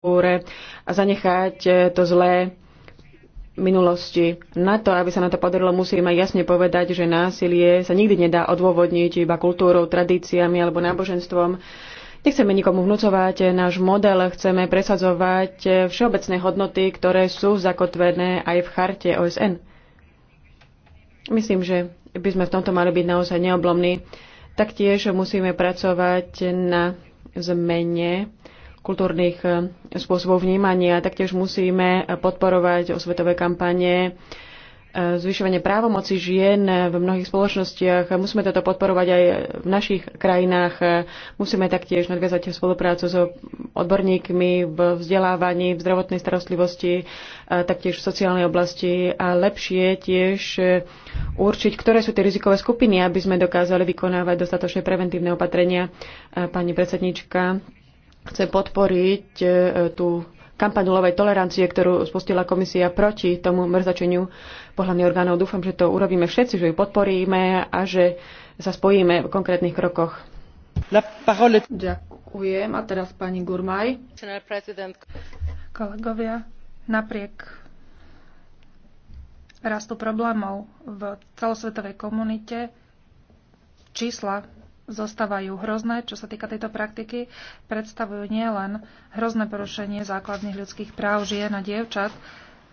kultúre a zanechať eh, to zlé minulosti. Na to, aby sa na to podarilo, musíme jasne povedať, že násilie sa nikdy nedá odôvodniť iba kultúrou, tradíciami alebo náboženstvom. Nechceme nikomu vnúcovať eh, náš model, chceme presadzovať eh, všeobecné hodnoty, ktoré sú zakotvené aj v charte OSN. Myslím, že by sme v tomto mali byť naozaj neoblomní. Taktiež musíme pracovať na zmene kultúrnych e, spôsobov vnímania. Taktiež musíme podporovať osvetové kampane, e, zvyšovanie právomoci žien v mnohých spoločnostiach. Musíme toto podporovať aj v našich krajinách. Musíme taktiež nadviazať spoluprácu so odborníkmi v vzdelávaní, v zdravotnej starostlivosti, e, taktiež v sociálnej oblasti a lepšie tiež určiť, ktoré sú tie rizikové skupiny, aby sme dokázali vykonávať dostatočné preventívne opatrenia. Pani predsednička, chce podporiť e, tú kampaň nulovej tolerancie, ktorú spustila komisia proti tomu mrzačeniu pohľadných orgánov. Dúfam, že to urobíme všetci, že ju podporíme a že sa spojíme v konkrétnych krokoch. Ďakujem. A teraz pani Gurmaj. Kolegovia, napriek rastu problémov v celosvetovej komunite čísla zostávajú hrozné, čo sa týka tejto praktiky, predstavujú nielen hrozné porušenie základných ľudských práv žien a dievčat,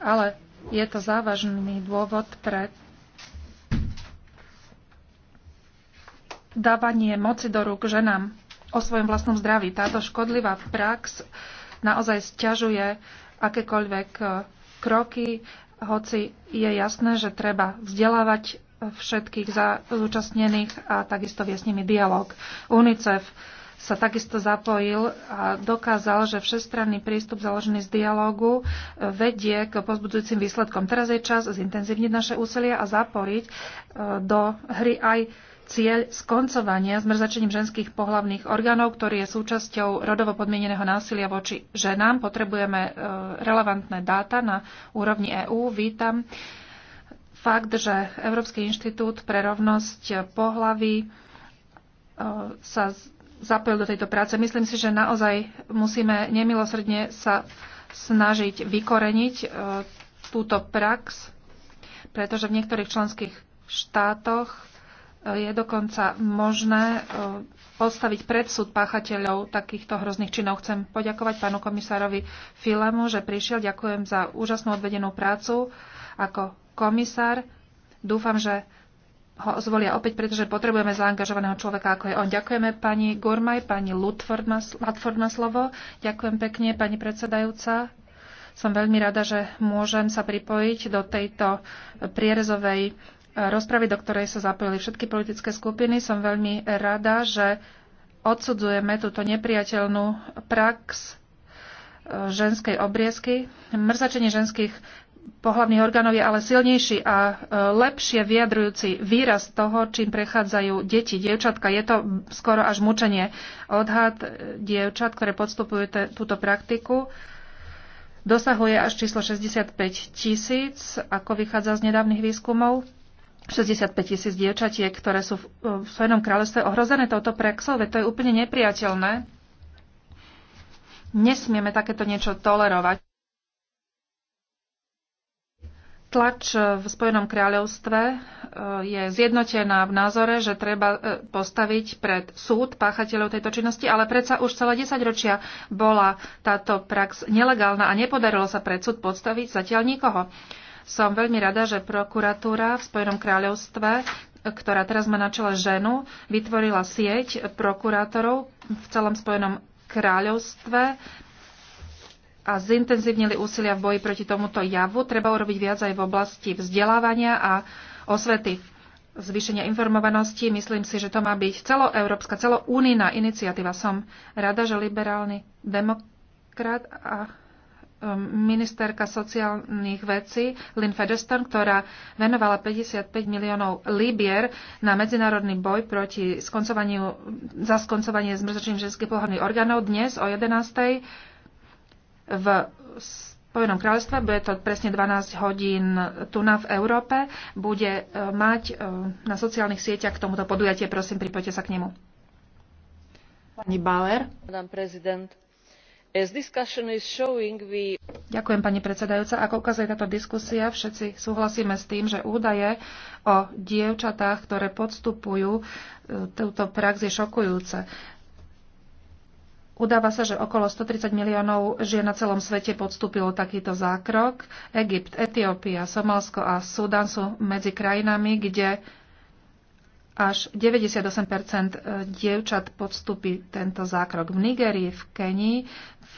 ale je to závažný dôvod pre dávanie moci do rúk ženám o svojom vlastnom zdraví. Táto škodlivá prax naozaj stiažuje akékoľvek kroky, hoci je jasné, že treba vzdelávať všetkých zúčastnených a takisto vie s nimi dialog. UNICEF sa takisto zapojil a dokázal, že všestranný prístup založený z dialógu e, vedie k pozbudzujúcim výsledkom. Teraz je čas zintenzívniť naše úsilie a zapojiť e, do hry aj cieľ skoncovania s mrzačením ženských pohlavných orgánov, ktorý je súčasťou rodovo podmieneného násilia voči ženám. Potrebujeme e, relevantné dáta na úrovni EÚ. Vítam fakt, že Európsky inštitút pre rovnosť pohlavy e, sa zapojil do tejto práce. Myslím si, že naozaj musíme nemilosrdne sa snažiť vykoreniť e, túto prax, pretože v niektorých členských štátoch e, je dokonca možné postaviť predsud páchateľov takýchto hrozných činov. Chcem poďakovať pánu komisárovi Filemu, že prišiel. Ďakujem za úžasnú odvedenú prácu. Ako komisár. Dúfam, že ho zvolia opäť, pretože potrebujeme zaangažovaného človeka, ako je on. Ďakujeme pani Gurmaj, pani Lutford na Latford slovo. Ďakujem pekne, pani predsedajúca. Som veľmi rada, že môžem sa pripojiť do tejto prierezovej e, rozpravy, do ktorej sa zapojili všetky politické skupiny. Som veľmi rada, že odsudzujeme túto nepriateľnú prax e, ženskej obriezky. Mrzačenie ženských pohľavných orgánov je ale silnejší a e, lepšie vyjadrujúci výraz toho, čím prechádzajú deti, dievčatka. Je to skoro až mučenie. Odhad e, dievčat, ktoré podstupujú túto praktiku, dosahuje až číslo 65 tisíc, ako vychádza z nedávnych výskumov. 65 tisíc dievčatiek, ktoré sú v e, svojom kráľovstve ohrozené touto praxou, to je úplne nepriateľné. Nesmieme takéto niečo tolerovať. Tlač v Spojenom kráľovstve e, je zjednotená v názore, že treba e, postaviť pred súd páchateľov tejto činnosti, ale predsa už celé 10 ročia bola táto prax nelegálna a nepodarilo sa pred súd podstaviť zatiaľ nikoho. Som veľmi rada, že prokuratúra v Spojenom kráľovstve, ktorá teraz má na čele ženu, vytvorila sieť prokurátorov v celom Spojenom kráľovstve, a zintenzívnili úsilia v boji proti tomuto javu. Treba urobiť viac aj v oblasti vzdelávania a osvety zvýšenia informovanosti. Myslím si, že to má byť celoeurópska, celounijná iniciatíva. Som rada, že liberálny demokrat a um, ministerka sociálnych vecí Lynn Featherstone, ktorá venovala 55 miliónov libier na medzinárodný boj proti skoncovaniu, za skoncovanie zmrzačením ženských pohľadných orgánov dnes o 11 v Spojenom kráľstve, bude to presne 12 hodín tu na v Európe, bude e, mať e, na sociálnych sieťach k tomuto podujatie. Prosím, pripojte sa k nemu. Pani Bauer. prezident. Ďakujem, pani predsedajúca. Ako ukazuje táto diskusia, všetci súhlasíme s tým, že údaje o dievčatách, ktoré podstupujú e, túto prax, je šokujúce. Udáva sa, že okolo 130 miliónov žien na celom svete podstúpilo takýto zákrok. Egypt, Etiópia, Somalsko a Sudan sú medzi krajinami, kde až 98 dievčat podstúpi tento zákrok. V Nigerii, v Kenii,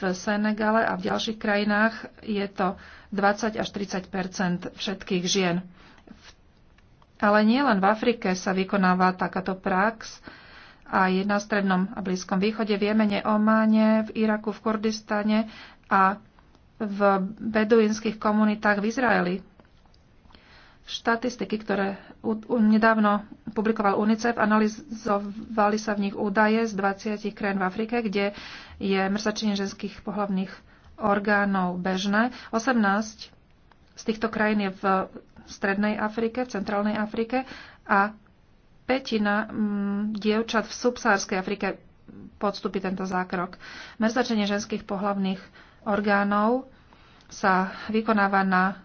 v Senegale a v ďalších krajinách je to 20 až 30 všetkých žien. Ale nielen v Afrike sa vykonáva takáto prax aj na Strednom a Blízkom východe, v Jemene, Ománe, v Iraku, v Kurdistane a v beduínskych komunitách v Izraeli. Štatistiky, ktoré nedávno publikoval UNICEF, analyzovali sa v nich údaje z 20 krajín v Afrike, kde je mrzačenie ženských pohľavných orgánov bežné. 18 z týchto krajín je v Strednej Afrike, v Centrálnej Afrike a Petina mm, dievčat v subsárskej Afrike podstúpi tento zákrok. Mrzačenie ženských pohlavných orgánov sa vykonáva na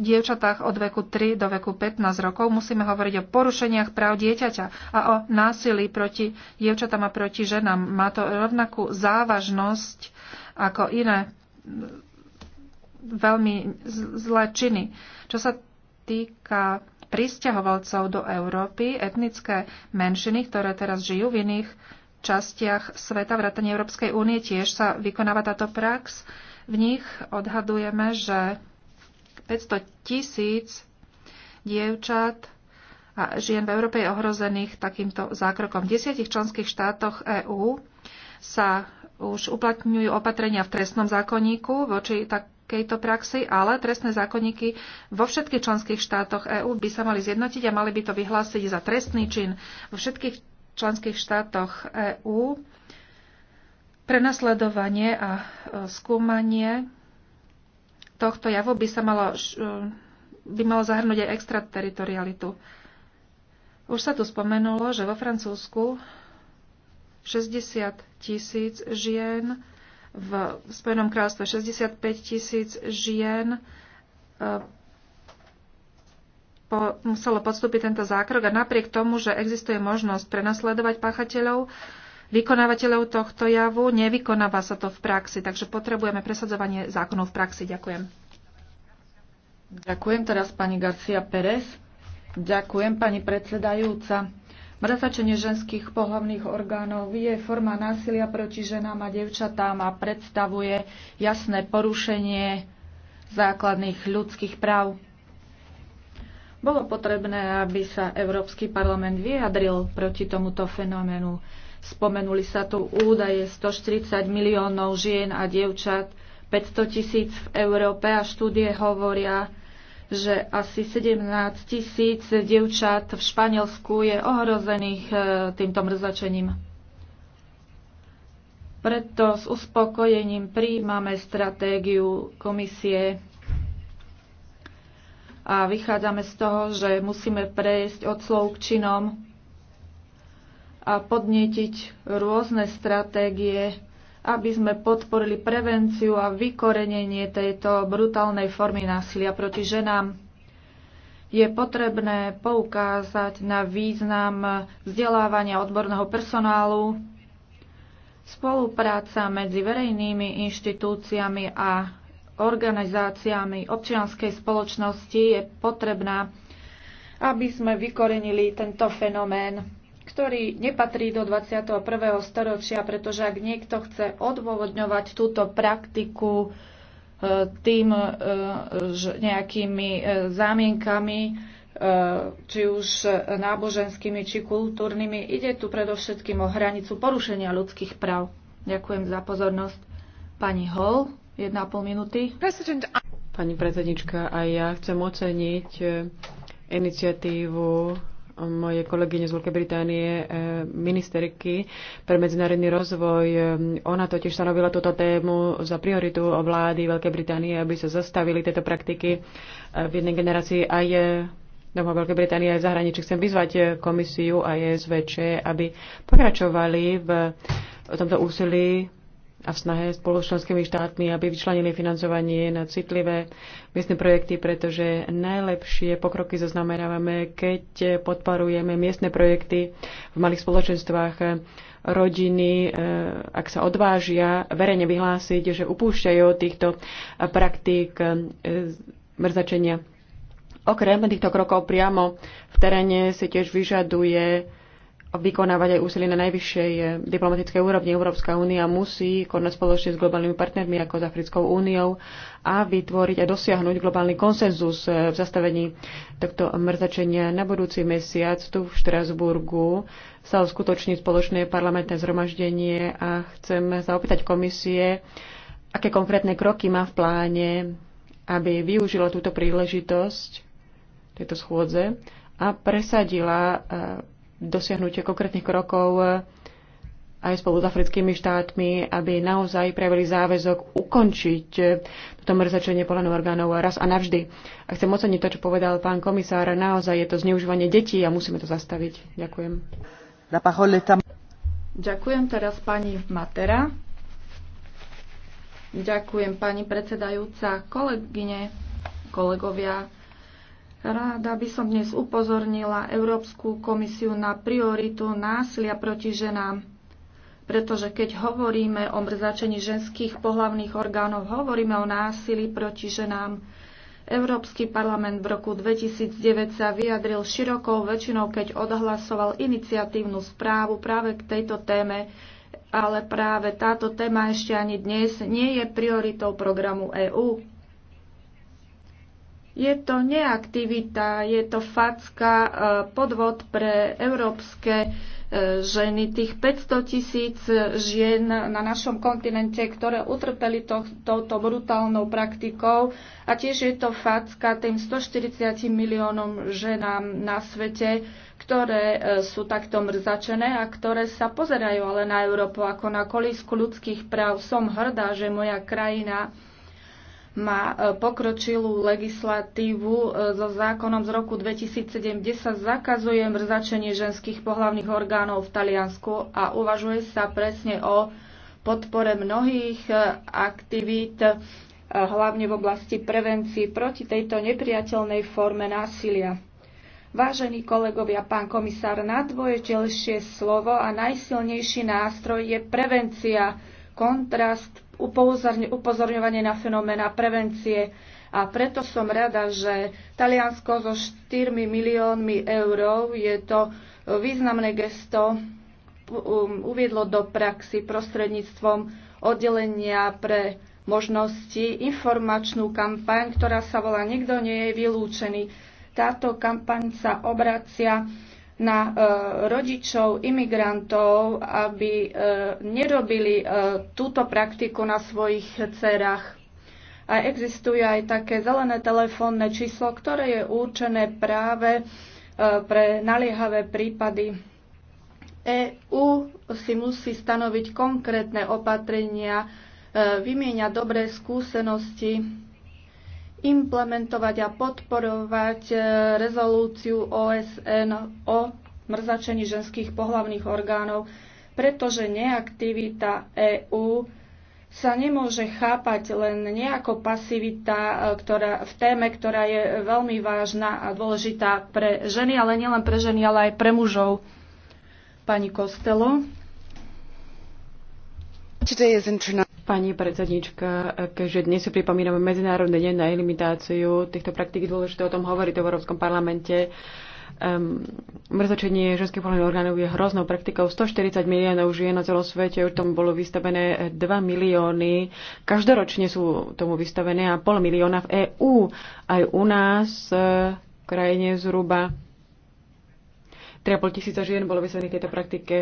dievčatách od veku 3 do veku 15 rokov. Musíme hovoriť o porušeniach práv dieťaťa a o násilí proti dievčatám a proti ženám. Má to rovnakú závažnosť ako iné mm, veľmi zlé činy. Čo sa týka pristahovalcov do Európy, etnické menšiny, ktoré teraz žijú v iných častiach sveta, vrátane Európskej únie, tiež sa vykonáva táto prax. V nich odhadujeme, že 500 tisíc dievčat a žien v Európe je ohrozených takýmto zákrokom. V desiatich členských štátoch EÚ sa už uplatňujú opatrenia v trestnom zákonníku voči tak takejto praxi, ale trestné zákonníky vo všetkých členských štátoch EÚ by sa mali zjednotiť a mali by to vyhlásiť za trestný čin. Vo všetkých členských štátoch EÚ prenasledovanie a e, skúmanie tohto javu by sa malo, e, by malo zahrnúť aj extrateritorialitu. Už sa tu spomenulo, že vo Francúzsku 60 tisíc žien v Spojenom kráľstve 65 tisíc žien e, po, muselo podstúpiť tento zákrok a napriek tomu, že existuje možnosť prenasledovať páchateľov, vykonávateľov tohto javu, nevykonáva sa to v praxi, takže potrebujeme presadzovanie zákonov v praxi. Ďakujem. Ďakujem teraz pani Garcia Pérez. Ďakujem pani predsedajúca. Mrzačenie ženských pohlavných orgánov je forma násilia proti ženám a devčatám a predstavuje jasné porušenie základných ľudských práv. Bolo potrebné, aby sa Európsky parlament vyjadril proti tomuto fenoménu. Spomenuli sa tu údaje 140 miliónov žien a dievčat, 500 tisíc v Európe a štúdie hovoria, že asi 17 tisíc dievčat v Španielsku je ohrozených e, týmto mrzačením. Preto s uspokojením príjmame stratégiu komisie a vychádzame z toho, že musíme prejsť od slov k činom a podnetiť rôzne stratégie aby sme podporili prevenciu a vykorenenie tejto brutálnej formy násilia proti ženám. Je potrebné poukázať na význam vzdelávania odborného personálu, spolupráca medzi verejnými inštitúciami a organizáciami občianskej spoločnosti je potrebná, aby sme vykorenili tento fenomén ktorý nepatrí do 21. storočia, pretože ak niekto chce odôvodňovať túto praktiku e, tým e, že nejakými e, zámienkami, či už náboženskými, či kultúrnymi. Ide tu predovšetkým o hranicu porušenia ľudských práv. Ďakujem za pozornosť. Pani Hall, 1,5 minúty. Pani predsednička, aj ja chcem oceniť iniciatívu moje kolegyne z Veľkej Británie, e, ministerky pre medzinárodný rozvoj. E, ona totiž stanovila túto tému za prioritu o vlády Veľkej Británie, aby sa zastavili tieto praktiky e, v jednej generácii aj doma Veľkej Británie aj v zahraničí. Chcem vyzvať komisiu a ESVČ, aby pokračovali v tomto úsilí a v snahe spolu s členskými štátmi, aby vyčlenili financovanie na citlivé miestne projekty, pretože najlepšie pokroky zaznamenávame, keď podporujeme miestne projekty v malých spoločenstvách rodiny, eh, ak sa odvážia verejne vyhlásiť, že upúšťajú týchto praktík eh, mrzačenia. Okrem týchto krokov priamo v teréne si tiež vyžaduje vykonávať aj úsilie na najvyššej eh, diplomatickej úrovni. Európska únia musí konať spoločne s globálnymi partnermi ako s Africkou úniou a vytvoriť a dosiahnuť globálny konsenzus eh, v zastavení tohto mrzačenia. Na budúci mesiac tu v Štrasburgu sa uskutoční spoločné parlamentné zhromaždenie a chcem sa opýtať komisie, aké konkrétne kroky má v pláne, aby využila túto príležitosť tejto schôdze a presadila eh, dosiahnutie konkrétnych krokov e, aj spolu s africkými štátmi, aby naozaj prejavili záväzok ukončiť e, toto mrzačenie polenov orgánov raz a navždy. A chcem oceniť to, čo povedal pán komisár. Naozaj je to zneužívanie detí a musíme to zastaviť. Ďakujem. Ďakujem teraz pani Matera. Ďakujem pani predsedajúca, kolegyne, kolegovia. Rada by som dnes upozornila Európsku komisiu na prioritu násilia proti ženám. Pretože keď hovoríme o mrzačení ženských pohlavných orgánov, hovoríme o násilí proti ženám. Európsky parlament v roku 2009 sa vyjadril širokou väčšinou, keď odhlasoval iniciatívnu správu práve k tejto téme, ale práve táto téma ešte ani dnes nie je prioritou programu EÚ. Je to neaktivita, je to facka, e, podvod pre európske e, ženy, tých 500 tisíc e, žien na našom kontinente, ktoré utrpeli to, touto brutálnou praktikou. A tiež je to facka tým 140 miliónom ženám na svete, ktoré sú takto mrzačené a ktoré sa pozerajú ale na Európu ako na kolísku ľudských práv. Som hrdá, že moja krajina má e, pokročilú legislatívu e, so zákonom z roku 2007, kde sa zakazuje mrzačenie ženských pohlavných orgánov v Taliansku a uvažuje sa presne o podpore mnohých e, aktivít, hlavne v oblasti prevencii proti tejto nepriateľnej forme násilia. Vážení kolegovia, pán komisár, najdôležitejšie slovo a najsilnejší nástroj je prevencia kontrast, upozorňovanie na fenoména prevencie. A preto som rada, že Taliansko so 4 miliónmi eur je to významné gesto um, uviedlo do praxi prostredníctvom oddelenia pre možnosti informačnú kampaň, ktorá sa volá Nikto nie je vylúčený. Táto kampaň sa obracia na e, rodičov imigrantov, aby e, nerobili e, túto praktiku na svojich dcerách. A existuje aj také zelené telefónne číslo, ktoré je určené práve pre naliehavé prípady. EU si musí stanoviť konkrétne opatrenia, vymieňa dobré skúsenosti implementovať a podporovať e, rezolúciu OSN o mrzačení ženských pohlavných orgánov, pretože neaktivita EÚ sa nemôže chápať len nejako pasivita e, ktorá, v téme, ktorá je veľmi vážna a dôležitá pre ženy, ale nielen pre ženy, ale aj pre mužov. Pani Kostelo. Pani predsednička, keďže dnes si pripomíname Medzinárodný deň na elimináciu týchto praktík, dôležité o tom hovoriť v Európskom parlamente. Um, ehm, mrzačenie ženských pohľadných orgánov je hroznou praktikou. 140 miliónov žien na celom svete, už tomu bolo vystavené 2 milióny. Každoročne sú tomu vystavené a pol milióna v EÚ. Aj u nás eh, v krajine zhruba 3,5 tisíca žien bolo vysvedených tejto praktike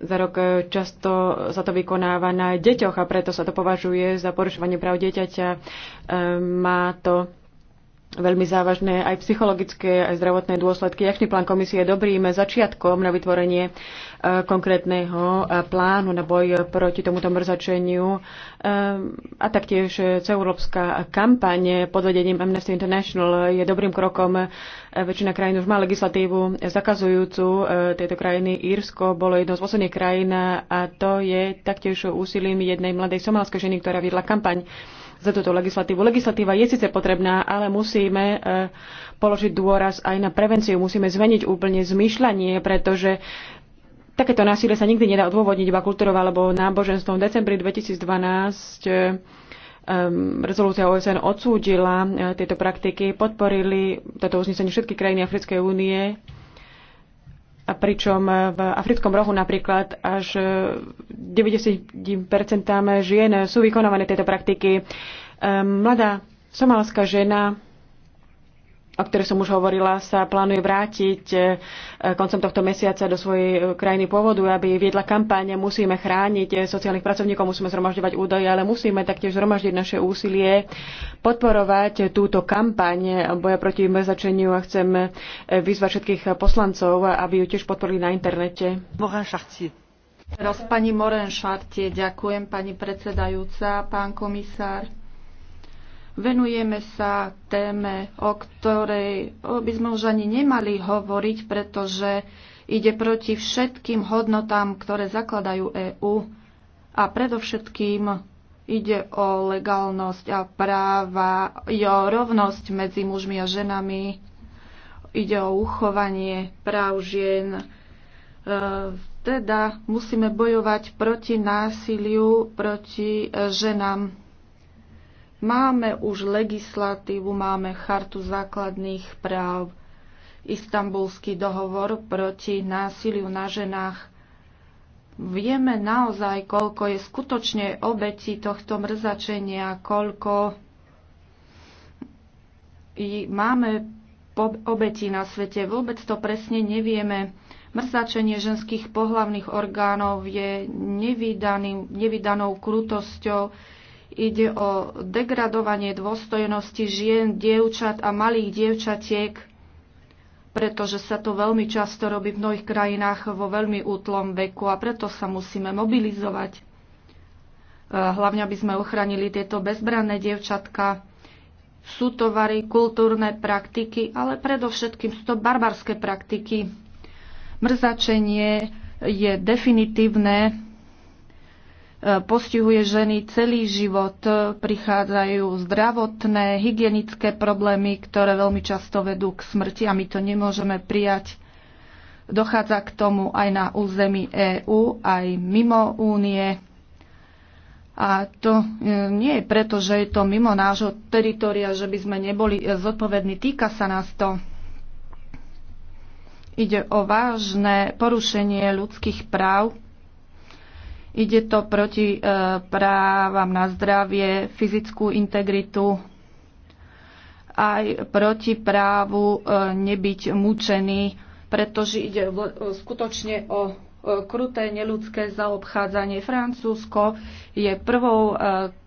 za rok e, často sa to vykonáva na deťoch a preto sa to považuje za porušovanie práv dieťaťa. E, má to veľmi závažné aj psychologické, aj zdravotné dôsledky. Akčný plán komisie je dobrým začiatkom na vytvorenie e, konkrétneho e, plánu na boj proti tomuto mrzačeniu e, a taktiež celoeurópska kampaň pod vedením Amnesty International je dobrým krokom. Väčšina krajín už má legislatívu zakazujúcu tejto krajiny. Írsko bolo jednou z posledných krajín a to je taktiež úsilím jednej mladej somalskej ženy, ktorá viedla kampaň za túto legislatívu. Legislatíva je síce potrebná, ale musíme e, položiť dôraz aj na prevenciu. Musíme zmeniť úplne zmyšľanie, pretože takéto násilie sa nikdy nedá odôvodniť iba kultúrou alebo náboženstvom. V decembri 2012 e, rezolúcia OSN odsúdila e, tieto praktiky, podporili toto uznesenie všetky krajiny Africkej únie a pričom v africkom rohu napríklad až 90% žien sú vykonované tieto praktiky. Ehm, mladá somálska žena o ktorej som už hovorila, sa plánuje vrátiť e, koncom tohto mesiaca do svojej e, krajiny pôvodu, aby viedla kampáne. Musíme chrániť e, sociálnych pracovníkov, musíme zhromažďovať údaje, ale musíme taktiež zhromaždiť naše úsilie, podporovať túto kampaň boja proti mrzačeniu a chcem vyzvať všetkých poslancov, aby ju tiež podporili na internete. Teraz pani Moren Šartie, ďakujem pani predsedajúca, pán komisár. Venujeme sa téme, o ktorej by sme už ani nemali hovoriť, pretože ide proti všetkým hodnotám, ktoré zakladajú EÚ a predovšetkým ide o legálnosť a práva, ide o rovnosť medzi mužmi a ženami, ide o uchovanie práv žien. E, teda musíme bojovať proti násiliu, proti e, ženám Máme už legislatívu, máme chartu základných práv, istambulský dohovor proti násiliu na ženách. Vieme naozaj, koľko je skutočne obetí tohto mrzačenia, koľko máme obetí na svete. Vôbec to presne nevieme. Mrzačenie ženských pohlavných orgánov je nevydanou krutosťou, Ide o degradovanie dôstojnosti žien, dievčat a malých dievčatiek, pretože sa to veľmi často robí v mnohých krajinách vo veľmi útlom veku a preto sa musíme mobilizovať. E, hlavne, aby sme ochránili tieto bezbranné dievčatka. Sú to vary, kultúrne praktiky, ale predovšetkým sú to barbarské praktiky. Mrzačenie je definitívne postihuje ženy celý život. Prichádzajú zdravotné, hygienické problémy, ktoré veľmi často vedú k smrti a my to nemôžeme prijať. Dochádza k tomu aj na území EÚ, aj mimo únie. A to e, nie je preto, že je to mimo nášho teritoria, že by sme neboli e, zodpovední. Týka sa nás to. Ide o vážne porušenie ľudských práv Ide to proti e, právam na zdravie, fyzickú integritu, aj proti právu e, nebyť mučený, pretože ide e, skutočne o kruté neludské zaobchádzanie. Francúzsko je prvou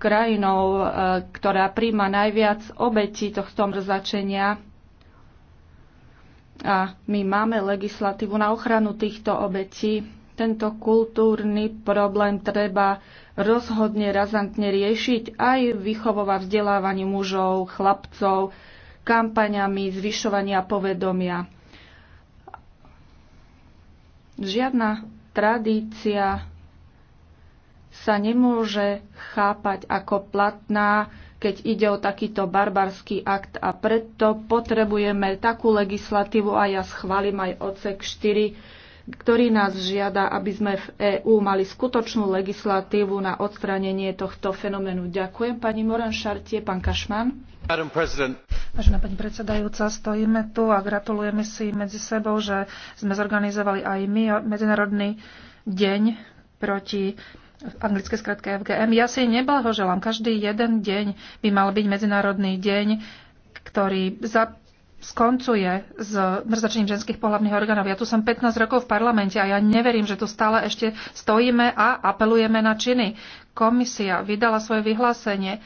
krajinou, ktorá príjma najviac obetí tohto mrzačenia. A my máme legislatívu na ochranu týchto obetí tento kultúrny problém treba rozhodne razantne riešiť aj vychovova vzdelávanie mužov, chlapcov, kampaňami zvyšovania povedomia. Žiadna tradícia sa nemôže chápať ako platná, keď ide o takýto barbarský akt a preto potrebujeme takú legislatívu a ja schválim aj odsek 4 ktorý nás žiada, aby sme v EÚ mali skutočnú legislatívu na odstránenie tohto fenoménu. Ďakujem pani Moran Šartie, pán Kašman. Vážená pani predsedajúca, stojíme tu a gratulujeme si medzi sebou, že sme zorganizovali aj my Medzinárodný deň proti v anglické skratke FGM. Ja si neblahoželám. Každý jeden deň by mal byť Medzinárodný deň, ktorý za skoncuje s mrzačením ženských pohľavných orgánov. Ja tu som 15 rokov v parlamente a ja neverím, že tu stále ešte stojíme a apelujeme na činy. Komisia vydala svoje vyhlásenie,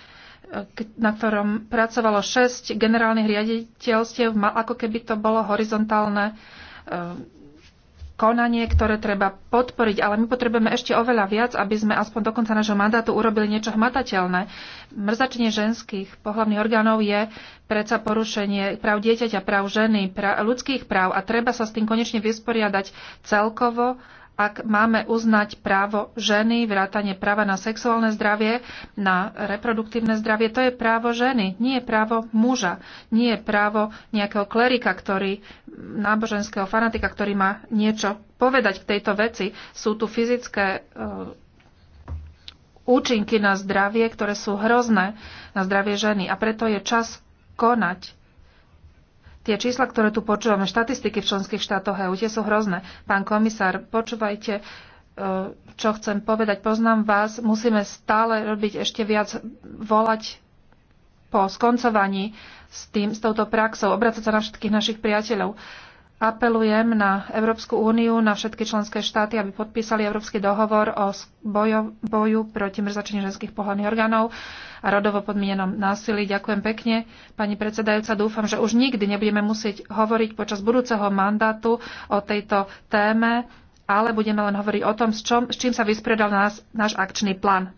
na ktorom pracovalo 6 generálnych riaditeľstiev, ako keby to bolo horizontálne konanie, ktoré treba podporiť, ale my potrebujeme ešte oveľa viac, aby sme aspoň do konca nášho mandátu urobili niečo hmatateľné. Mrzačenie ženských pohľavných orgánov je predsa porušenie práv dieťaťa, práv ženy, práv, ľudských práv a treba sa s tým konečne vysporiadať celkovo ak máme uznať právo ženy, vrátanie práva na sexuálne zdravie, na reproduktívne zdravie, to je právo ženy, nie je právo muža, nie je právo nejakého klerika, ktorý, náboženského fanatika, ktorý má niečo povedať k tejto veci. Sú tu fyzické e, účinky na zdravie, ktoré sú hrozné na zdravie ženy. A preto je čas konať. Tie čísla, ktoré tu počúvame, štatistiky v členských štátoch EU, tie sú hrozné. Pán komisár, počúvajte, e, čo chcem povedať. Poznám vás, musíme stále robiť ešte viac, volať po skoncovaní s, tým, s touto praxou, obracať sa na všetkých našich priateľov apelujem na Európsku úniu, na všetky členské štáty, aby podpísali Európsky dohovor o boju, boju proti mrzačení ženských pohľadných orgánov a rodovo podmienenom násilí. Ďakujem pekne. Pani predsedajúca, dúfam, že už nikdy nebudeme musieť hovoriť počas budúceho mandátu o tejto téme, ale budeme len hovoriť o tom, s, čom, s čím sa vyspredal nás, náš akčný plán.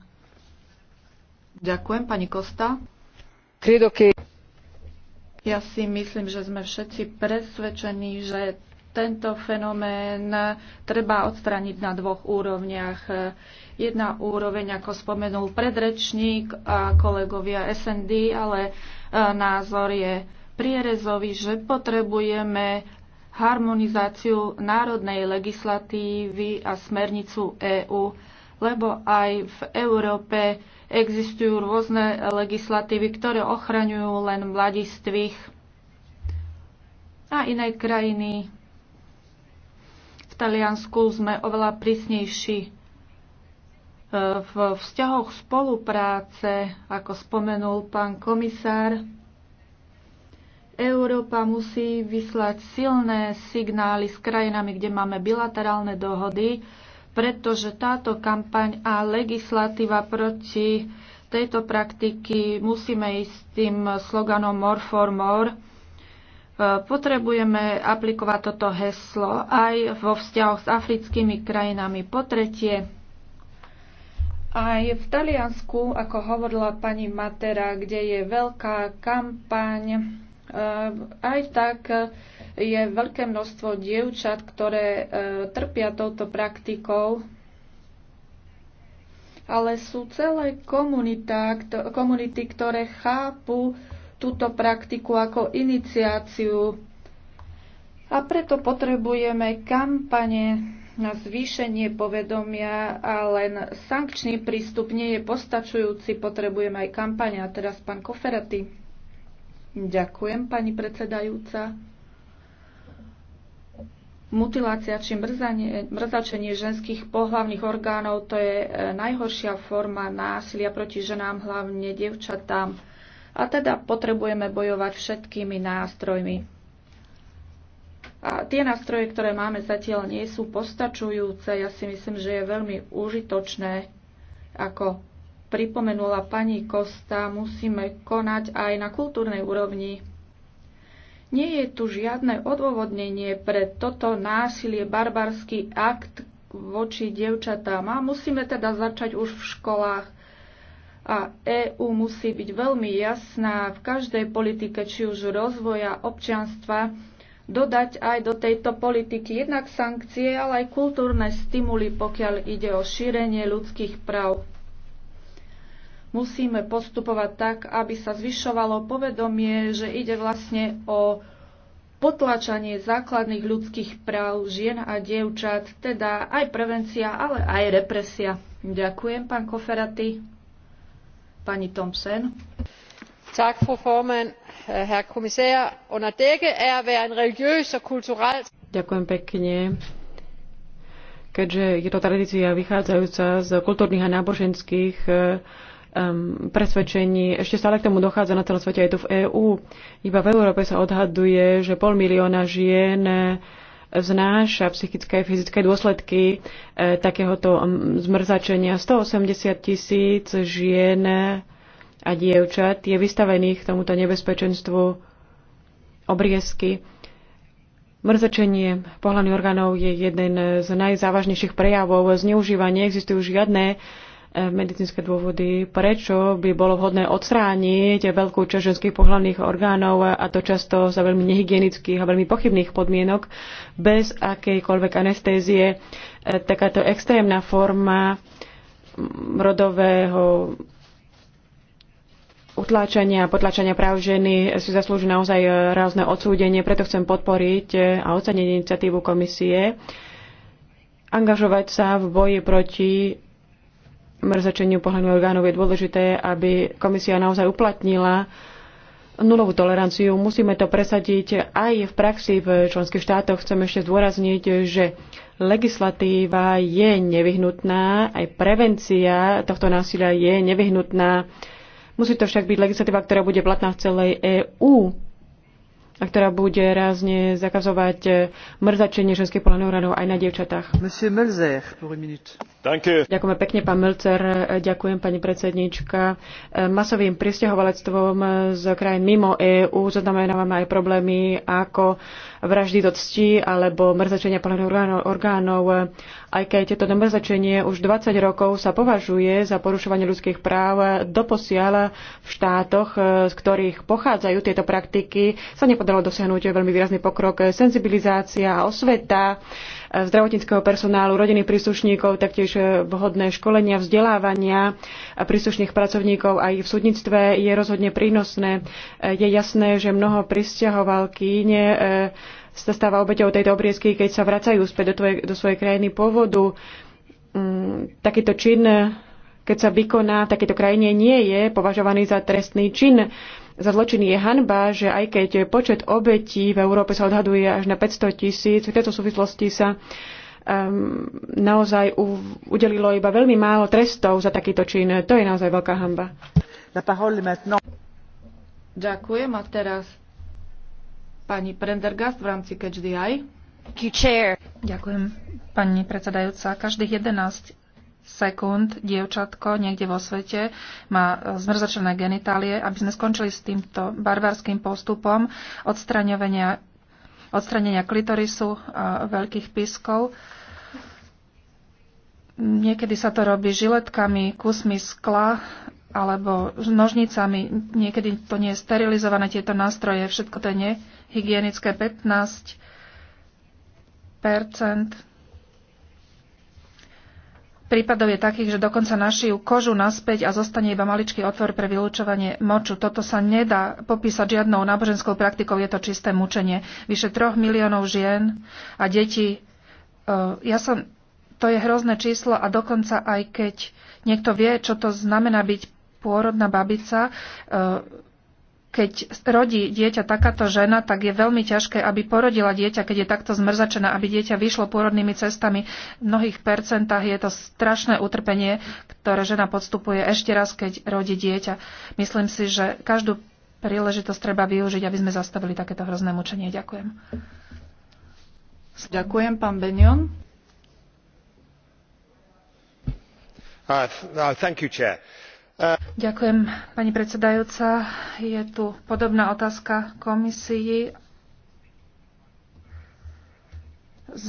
Ďakujem, pani Kosta. Credo ja si myslím, že sme všetci presvedčení, že tento fenomén treba odstrániť na dvoch úrovniach. Jedna úroveň, ako spomenul predrečník a kolegovia SND, ale e, názor je prierezový, že potrebujeme harmonizáciu národnej legislatívy a smernicu EÚ, lebo aj v Európe Existujú rôzne legislatívy, ktoré ochraňujú len mladistvých a iné krajiny. V Taliansku sme oveľa prísnejší e, v vzťahoch spolupráce, ako spomenul pán komisár. Európa musí vyslať silné signály s krajinami, kde máme bilaterálne dohody, pretože táto kampaň a legislatíva proti tejto praktiky musíme ísť s tým sloganom More for More. E, potrebujeme aplikovať toto heslo aj vo vzťahoch s africkými krajinami. Po tretie, aj v Taliansku, ako hovorila pani Matera, kde je veľká kampaň, e, aj tak je veľké množstvo dievčat, ktoré e, trpia touto praktikou, ale sú celé komunity, ktoré chápu túto praktiku ako iniciáciu. A preto potrebujeme kampane na zvýšenie povedomia a len sankčný prístup nie je postačujúci. Potrebujeme aj kampane. A teraz pán Koferaty. Ďakujem, pani predsedajúca. Mutilácia či mrzačenie ženských pohlavných orgánov to je e, najhoršia forma násilia proti ženám, hlavne devčatám. A teda potrebujeme bojovať všetkými nástrojmi. A tie nástroje, ktoré máme zatiaľ, nie sú postačujúce. Ja si myslím, že je veľmi užitočné, ako pripomenula pani Kosta, musíme konať aj na kultúrnej úrovni nie je tu žiadne odôvodnenie pre toto násilie, barbarský akt voči dievčatám. A musíme teda začať už v školách. A EÚ musí byť veľmi jasná v každej politike, či už rozvoja občianstva, dodať aj do tejto politiky jednak sankcie, ale aj kultúrne stimuly, pokiaľ ide o šírenie ľudských práv musíme postupovať tak, aby sa zvyšovalo povedomie, že ide vlastne o potlačanie základných ľudských práv žien a dievčat, teda aj prevencia, ale aj represia. Ďakujem, pán Koferaty. Pani Thompson. Tak, fru Forman, herr komisér, Under dække er at være en religiøs og kulturel... Ďakujem pekne. Keďže je to tradícia vychádzajúca z kultúrnych a náboženských eh, um, presvedčení. Ešte stále k tomu dochádza na celom svete aj tu v EÚ. Iba v Európe sa odhaduje, že pol milióna žien eh, vznáša psychické a fyzické dôsledky e, takéhoto mm, zmrzačenia. 180 tisíc žien eh, a dievčat je vystavených tomuto nebezpečenstvu obriezky. Mrzačenie pohľadných orgánov je jeden z najzávažnejších prejavov zneužívania. Existujú žiadne E, medicínske dôvody, prečo by bolo vhodné odstrániť veľkú časť ženských pohľadných orgánov a to často za veľmi nehygienických a veľmi pochybných podmienok bez akejkoľvek anestézie. E, takáto extrémna forma rodového utláčania a potláčania práv ženy si zaslúži naozaj rázne odsúdenie, preto chcem podporiť a oceniť iniciatívu komisie angažovať sa v boji proti mrzačeniu pohľadných orgánov je dôležité, aby komisia naozaj uplatnila nulovú toleranciu. Musíme to presadiť aj v praxi v členských štátoch. Chcem ešte zdôrazniť, že legislatíva je nevyhnutná, aj prevencia tohto násilia je nevyhnutná. Musí to však byť legislatíva, ktorá bude platná v celej EÚ a ktorá bude rázne zakazovať eh, mrzačenie ženských polenovranov aj na dievčatách. Ďakujem Ďakujeme pekne, pán Mölzer. Eh, ďakujem, pani predsednička. Eh, masovým pristahovalectvom z krajín mimo EÚ zaznamenávame aj problémy ako vraždy do cti alebo mrzačenia polenových orgánov. Aj keď toto mrzačenie už 20 rokov sa považuje za porušovanie ľudských práv, doposiaľ v štátoch, z ktorých pochádzajú tieto praktiky, sa nepodarí podarilo dosiahnuť veľmi výrazný pokrok. Senzibilizácia a osveta e, zdravotníckého personálu, rodinných príslušníkov, taktiež e, vhodné školenia, vzdelávania e, príslušných pracovníkov aj v súdnictve je rozhodne prínosné. Je jasné, že mnoho pristahovalkyň sa stáva obeťou tejto obriezky, keď sa vracajú späť do, tvoje, do svojej krajiny pôvodu. Mm, takýto čin, keď sa vykoná v takejto krajine, nie je považovaný za trestný čin za zločin je hanba, že aj keď počet obetí v Európe sa odhaduje až na 500 tisíc, v tejto súvislosti sa um, naozaj u, udelilo iba veľmi málo trestov za takýto čin. To je naozaj veľká hanba. Ďakujem a teraz pani Prendergast v rámci Catch the Eye. Ďakujem, pani predsedajúca. Každých 11 sekúnd dievčatko niekde vo svete má e, zmrzačené genitálie, aby sme skončili s týmto barbarským postupom odstraňovania, odstranenia klitorisu a veľkých pískov. Niekedy sa to robí žiletkami, kusmi skla alebo nožnicami. Niekedy to nie je sterilizované, tieto nástroje, všetko to je nehygienické. 15 percent prípadov je takých, že dokonca našijú kožu naspäť a zostane iba maličký otvor pre vylúčovanie moču. Toto sa nedá popísať žiadnou náboženskou praktikou, je to čisté mučenie. Vyše troch miliónov žien a detí. E, ja som, to je hrozné číslo a dokonca aj keď niekto vie, čo to znamená byť pôrodná babica, e, keď rodí dieťa takáto žena, tak je veľmi ťažké, aby porodila dieťa, keď je takto zmrzačená, aby dieťa vyšlo pôrodnými cestami. V mnohých percentách je to strašné utrpenie, ktoré žena podstupuje ešte raz, keď rodí dieťa. Myslím si, že každú príležitosť treba využiť, aby sme zastavili takéto hrozné mučenie. Ďakujem. Ďakujem, pán Benion. Uh, uh, thank you, chair. Ďakujem, pani predsedajúca. Je tu podobná otázka komisii z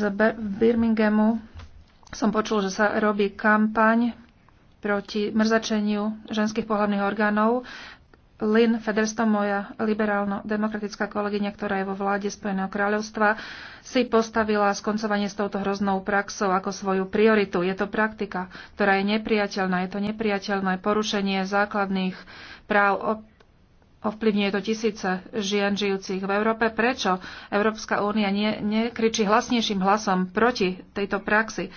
Birminghamu. Som počul, že sa robí kampaň proti mrzačeniu ženských pohlavných orgánov. Lynn Federston, moja liberálno-demokratická kolegyňa, ktorá je vo vláde Spojeného kráľovstva, si postavila skoncovanie s touto hroznou praxou ako svoju prioritu. Je to praktika, ktorá je nepriateľná. Je to nepriateľné porušenie základných práv. Ovplyvňuje to tisíce žien žijúcich v Európe. Prečo Európska únia nekričí hlasnejším hlasom proti tejto praxi?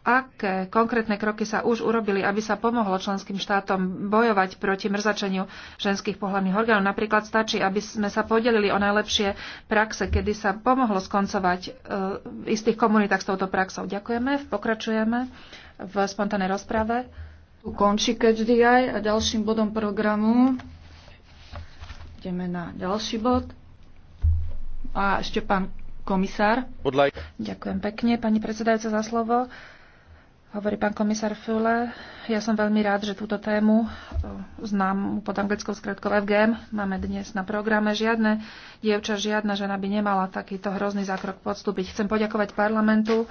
Aké konkrétne kroky sa už urobili, aby sa pomohlo členským štátom bojovať proti mrzačeniu ženských pohľadných orgánov? Napríklad stačí, aby sme sa podelili o najlepšie praxe, kedy sa pomohlo skoncovať v e, istých komunitách s touto praxou. Ďakujeme, pokračujeme v spontánnej rozprave. Tu končí KHDI a ďalším bodom programu ideme na ďalší bod. A ešte pán komisár. Ďakujem pekne, pani predsedajúca, za slovo. Hovorí pán komisár Füle, ja som veľmi rád, že túto tému, znám pod anglickou skratkou FGM, máme dnes na programe. Žiadne dievča, žiadna žena by nemala takýto hrozný zákrok podstúpiť. Chcem poďakovať parlamentu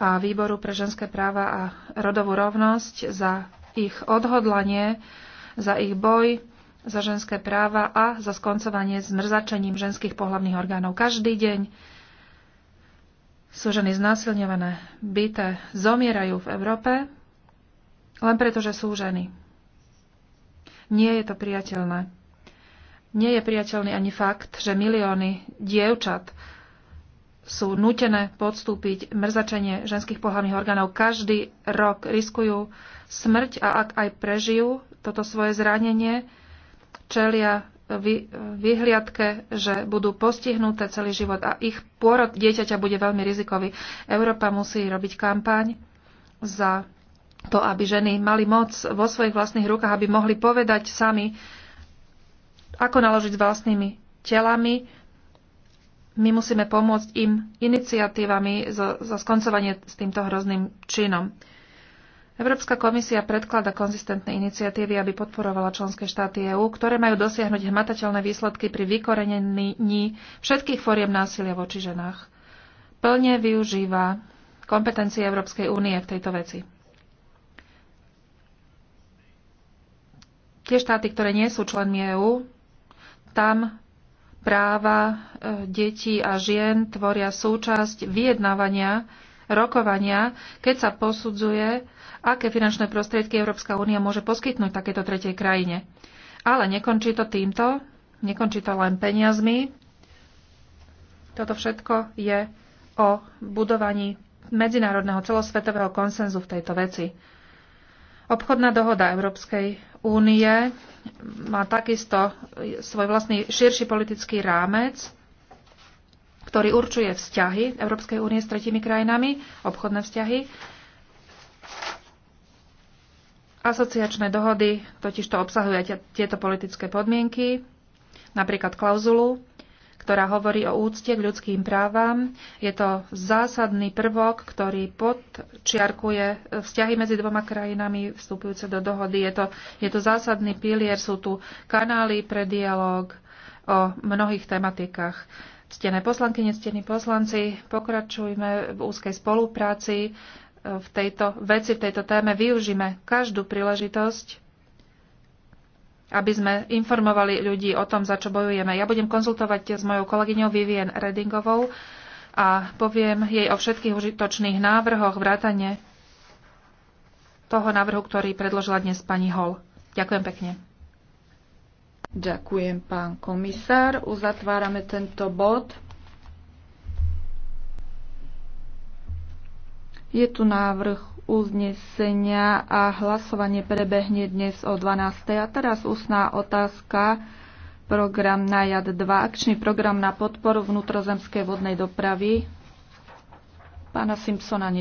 a výboru pre ženské práva a rodovú rovnosť za ich odhodlanie, za ich boj, za ženské práva a za skoncovanie s mrzačením ženských pohľavných orgánov. Každý deň sú ženy znásilňované, byté, zomierajú v Európe len preto, že sú ženy. Nie je to priateľné. Nie je priateľný ani fakt, že milióny dievčat sú nutené podstúpiť mrzačenie ženských pohľavných orgánov. Každý rok riskujú smrť a ak aj prežijú toto svoje zranenie, čelia vyhliadke, že budú postihnuté celý život a ich pôrod dieťaťa bude veľmi rizikový. Európa musí robiť kampaň za to, aby ženy mali moc vo svojich vlastných rukách, aby mohli povedať sami, ako naložiť s vlastnými telami. My musíme pomôcť im iniciatívami za, za skoncovanie s týmto hrozným činom. Európska komisia predklada konzistentné iniciatívy, aby podporovala členské štáty EÚ, ktoré majú dosiahnuť hmatateľné výsledky pri vykorenení všetkých foriem násilia voči ženách. Plne využíva kompetencie Európskej únie v tejto veci. Tie štáty, ktoré nie sú členmi EÚ, tam práva e, detí a žien tvoria súčasť vyjednávania rokovania, keď sa posudzuje, aké finančné prostriedky Európska únia môže poskytnúť takéto tretej krajine. Ale nekončí to týmto, nekončí to len peniazmi. Toto všetko je o budovaní medzinárodného celosvetového konsenzu v tejto veci. Obchodná dohoda Európskej únie má takisto svoj vlastný širší politický rámec, ktorý určuje vzťahy Európskej únie s tretimi krajinami, obchodné vzťahy. Asociačné dohody totiž to obsahujú tieto politické podmienky, napríklad klauzulu, ktorá hovorí o úcte k ľudským právam. Je to zásadný prvok, ktorý podčiarkuje vzťahy medzi dvoma krajinami vstupujúce do dohody. Je to, je to zásadný pilier, sú tu kanály pre dialog o mnohých tematikách. Ctené poslanky, ctení poslanci, pokračujme v úzkej spolupráci e, v tejto veci, v tejto téme. Využíme každú príležitosť, aby sme informovali ľudí o tom, za čo bojujeme. Ja budem konzultovať s mojou kolegyňou Vivien Redingovou a poviem jej o všetkých užitočných návrhoch vrátane toho návrhu, ktorý predložila dnes pani Hol. Ďakujem pekne. Ďakujem, pán komisár. Uzatvárame tento bod. Je tu návrh uznesenia a hlasovanie prebehne dnes o 12. A teraz ústná otázka. Program na JAD 2, akčný program na podporu vnútrozemskej vodnej dopravy. Pána Simpsona